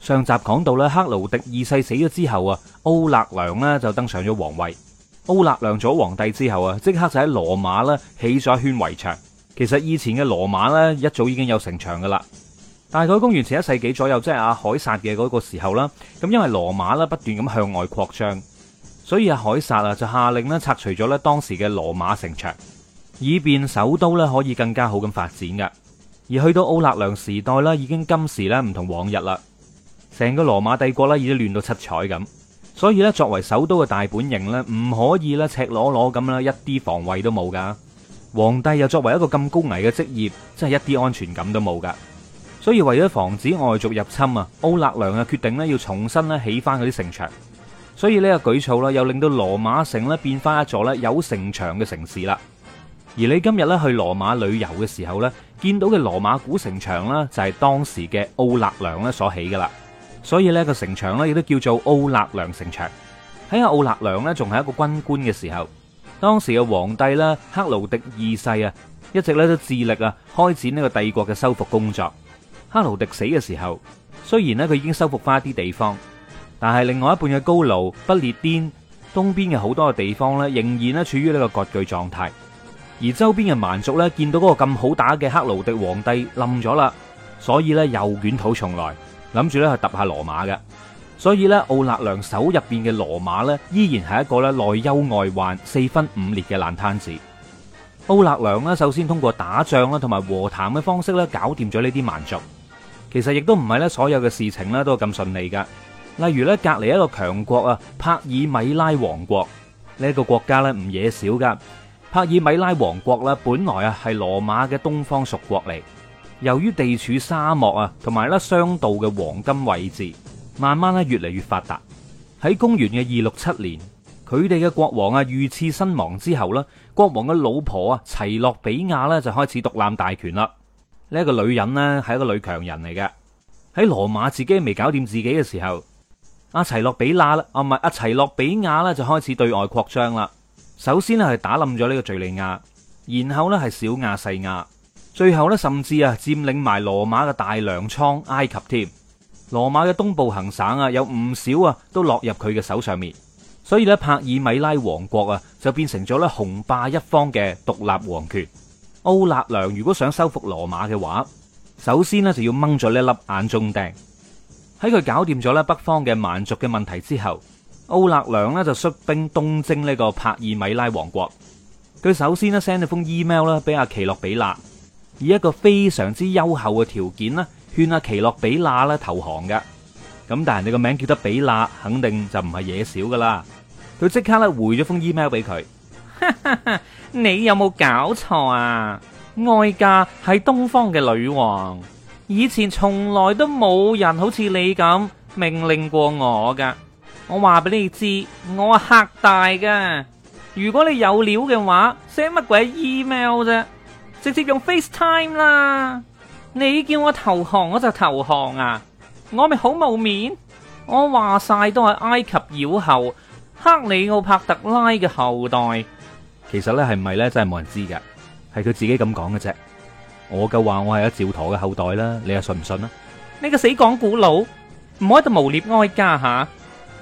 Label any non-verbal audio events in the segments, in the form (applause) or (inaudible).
上集講到咧，克勞迪二世死咗之後啊，奧勒良咧就登上咗皇位。奧勒良做皇帝之後啊，即刻就喺羅馬咧起咗一圈圍牆。其實以前嘅羅馬咧一早已經有城牆噶啦，大概公元前一世紀左右，即係阿凱撒嘅嗰個時候啦。咁因為羅馬咧不斷咁向外擴張，所以阿凱撒啊就下令咧拆除咗咧當時嘅羅馬城牆，以便首都咧可以更加好咁發展噶。而去到奧勒良時代咧，已經今時咧唔同往日啦。成個羅馬帝國啦，已經亂到七彩咁，所以咧，作為首都嘅大本營咧，唔可以咧赤裸裸咁啦，一啲防衛都冇噶。皇帝又作為一個咁高危嘅職業，真係一啲安全感都冇噶。所以為咗防止外族入侵啊，奧勒良啊決定咧要重新咧起翻嗰啲城牆。所以呢個舉措啦，又令到羅馬城咧變翻一座咧有城牆嘅城市啦。而你今日咧去羅馬旅遊嘅時候咧，見到嘅羅馬古城牆啦，就係當時嘅奧勒良咧所起噶啦。所以呢、這個城牆呢，亦都叫做奧勒良城牆。喺阿奧勒良呢，仲係一個軍官嘅時候，當時嘅皇帝啦，克勞迪二世啊，一直咧都致力啊開展呢個帝國嘅修復工作。克勞迪死嘅時候，雖然呢佢已經修復翻一啲地方，但係另外一半嘅高盧、不列顛東邊嘅好多嘅地方呢，仍然呢處於呢個割據狀態。而周邊嘅蠻族呢，見到嗰個咁好打嘅克勞迪皇帝冧咗啦，所以呢又捲土重來。諗住咧係揼下羅馬嘅，所以咧奧納良手入邊嘅羅馬呢，依然係一個咧內憂外患、四分五裂嘅爛攤子。奧納良咧首先通過打仗啦同埋和談嘅方式咧搞掂咗呢啲蠻族。其實亦都唔係咧所有嘅事情咧都咁順利噶，例如咧隔籬一個強國啊，帕爾米拉王國呢一個國家咧唔惹少噶。帕爾米拉王國咧本來啊係羅馬嘅東方屬國嚟。由於地處沙漠啊，同埋咧商道嘅黃金位置，慢慢咧越嚟越發達。喺公元嘅二六七年，佢哋嘅國王啊遇刺身亡之後呢，國王嘅老婆啊，齊諾比亞咧就開始獨攬大權啦。呢、這、一個女人呢，係一個女強人嚟嘅。喺羅馬自己未搞掂自己嘅時候，阿齊諾比娜啦，啊唔係阿齊諾比亞啦就開始對外擴張啦。首先呢，係打冧咗呢個敘利亞，然後呢，係小亞細亞。最後咧，甚至啊佔領埋羅馬嘅大糧倉埃及添。羅馬嘅東部行省啊，有唔少啊都落入佢嘅手上面。所以咧，帕爾米拉王國啊就變成咗咧雄霸一方嘅獨立王權。奧納良如果想收復羅馬嘅話，首先呢就要掹咗呢粒眼中釘。喺佢搞掂咗咧北方嘅蠻族嘅問題之後，奧納良呢就率兵東征呢個帕爾米拉王國。佢首先呢 send 咗封 email 啦俾阿奇洛比納。以一個非常之優厚嘅條件啦，勸阿奇諾比娜啦投降嘅。咁但係你個名叫得比娜，肯定就唔係嘢少噶啦。佢即刻咧回咗封 email 俾佢。 (laughs) 你有冇搞錯啊？哀家係東方嘅女王，以前從來都冇人好似你咁命令過我噶。我話俾你知，我係嚇大嘅。如果你有料嘅話，寫乜鬼 email 啫？直接用 FaceTime 啦！你叫我投降我就投降啊！我咪好冇面，我話晒都係埃及妖后克里奧帕特拉嘅後代。其實咧係咪呢？是是真係冇人知嘅，係佢自己咁講嘅啫。我就話我係阿趙佗嘅後代啦，你又信唔信啊？你個死講古佬，唔好喺度無獵哀家吓！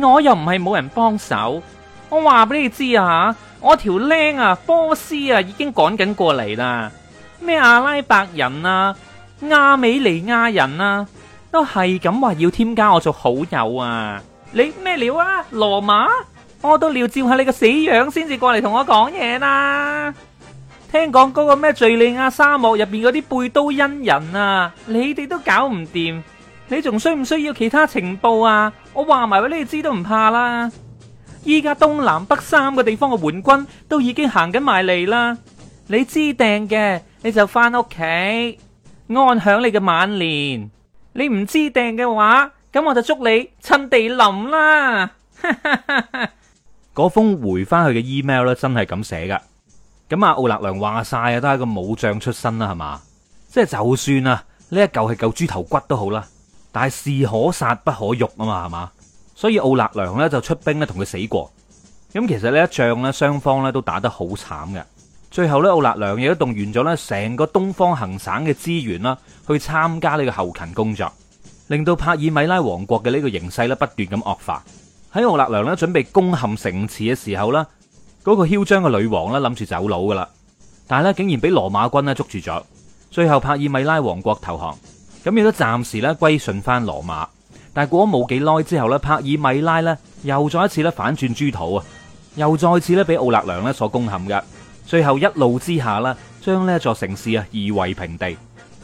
我又唔係冇人幫手，我話俾你知啊吓，我條僆啊，波斯啊已經趕緊過嚟。啦。咩阿拉伯人啊，亞美尼亞人啊，都係咁話要添加我做好友啊！你咩料啊，羅馬？我都要照下你個死樣先至過嚟同我講嘢啦！聽講嗰個咩敘利亞沙漠入邊嗰啲貝都因人啊，你哋都搞唔掂，你仲需唔需要其他情報啊？我話埋俾你知都唔怕啦！依家東南北三個地方嘅援軍都已經行緊埋嚟啦，你知定嘅？你就翻屋企安享你嘅晚年。你唔知定嘅話，咁我就祝你趁地淋啦。嗰 (laughs) 封回翻去嘅 email 咧，真係咁寫噶。咁阿奧納良話晒啊，都係個武將出身啦，係嘛？即係就算啊，呢一嚿係嚿豬頭骨都好啦。但係士可殺不可辱啊嘛，係嘛？所以奧納良呢，就出兵咧同佢死過。咁、嗯、其實呢一仗呢，雙方咧都打得好慘嘅。最後咧，奧納良亦都動員咗咧，成個東方行省嘅資源啦，去參加呢個後勤工作，令到帕爾米拉王國嘅呢個形勢咧不斷咁惡化。喺奧納良咧準備攻陷城池嘅時候啦，嗰、那個囂張嘅女王咧諗住走佬噶啦，但係咧竟然俾羅馬軍咧捉住咗。最後帕爾米拉王國投降，咁亦都暫時咧歸順翻羅馬。但係過咗冇幾耐之後咧，帕爾米拉咧又再一次咧反轉豬肚啊，又再次咧俾奧納良咧所攻陷噶。最後一怒之下啦，將呢座城市啊夷為平地。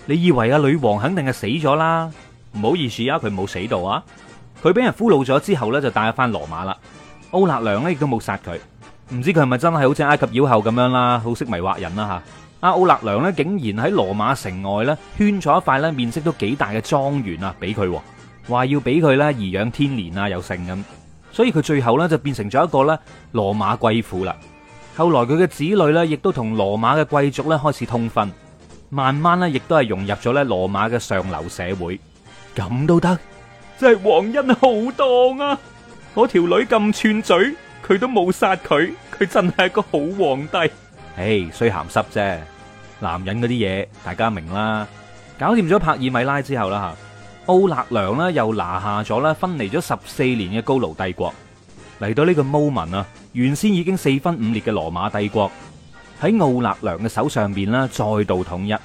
你以為阿女王肯定係死咗啦？唔好意思啊，佢冇死到啊，佢俾人俘虜咗之後呢就帶咗翻羅馬啦。奧勒良呢亦都冇殺佢，唔知佢係咪真係好似埃及妖后咁樣啦，好識迷惑人啦嚇。阿奧勒良咧竟然喺羅馬城外咧圈咗一塊呢面積都幾大嘅莊園啊，俾佢話要俾佢呢頤養天年啊，有剩咁。所以佢最後呢，就變成咗一個咧羅馬貴婦啦。後來佢嘅子女咧，亦都同羅馬嘅貴族咧開始通婚，慢慢咧亦都係融入咗咧羅馬嘅上流社會。咁都得，即係皇恩浩蕩啊！我條女咁串嘴，佢都冇殺佢，佢真係一個好皇帝。唉，衰咸濕啫，男人嗰啲嘢大家明啦。搞掂咗帕爾米拉之後啦，哈，奧勒良咧又拿下咗咧分離咗十四年嘅高盧帝國。嚟到呢個 e n t 原先已經四分五裂嘅羅馬帝國喺奧納良嘅手上邊啦，再度統一。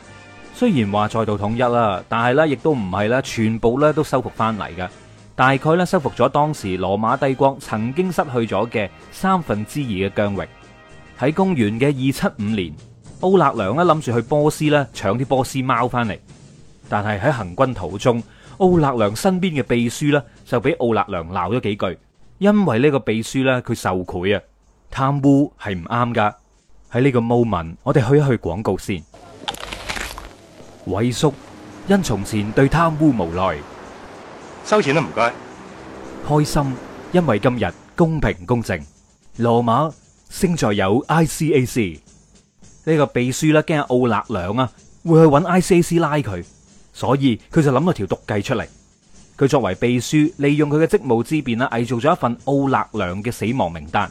雖然話再度統一啦，但係咧亦都唔係咧，全部咧都收復翻嚟嘅。大概咧收復咗當時羅馬帝國曾經失去咗嘅三分之二嘅疆域。喺公元嘅二七五年，奧納良咧諗住去波斯呢搶啲波斯貓翻嚟，但係喺行軍途中，奧納良身邊嘅秘書呢就俾奧納良鬧咗幾句。因為呢個秘書咧，佢受賄啊，貪污係唔啱噶。喺呢個 moment，我哋去一去廣告先。韋叔，因從前對貪污無奈。收錢啦，唔該。開心，因為今日公平公正。羅馬勝在有 ICAC。呢個秘書咧驚奧勒良啊會去揾 ICAC 拉佢，所以佢就諗咗條毒計出嚟。佢作為秘書，利用佢嘅職務之便啦，偽造咗一份奧勒良嘅死亡名單。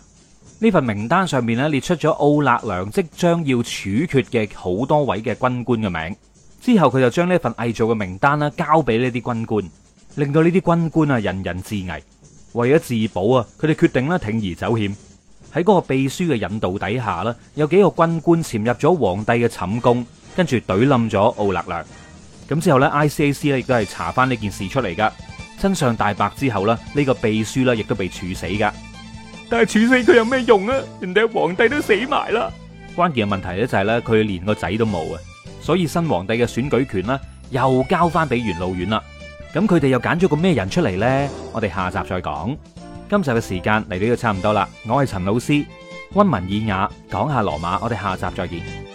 呢份名單上面咧列出咗奧勒良即將要處決嘅好多位嘅軍官嘅名。之後佢就將呢份偽造嘅名單啦，交俾呢啲軍官，令到呢啲軍官啊人人自危。為咗自保啊，佢哋決定啦，鋌而走險。喺嗰個秘書嘅引導底下啦，有幾個軍官潛入咗皇帝嘅寢宮，跟住懟冧咗奧勒良。咁之後呢 ICAC 咧亦都係查翻呢件事出嚟噶，真相大白之後呢，呢、呢個秘書呢亦都被處死噶。但係處死佢有咩用啊？人哋皇帝都死埋啦。關鍵嘅問題呢就係、係、呢，佢連個仔都冇啊，所以新皇帝嘅選舉權呢，又交翻俾元老院啦。咁佢哋又揀咗個咩人出嚟呢？我哋下集再講。今集嘅時間嚟到呢度差唔多啦，我係陳老師，溫文爾雅，講下羅馬，我哋下集再見。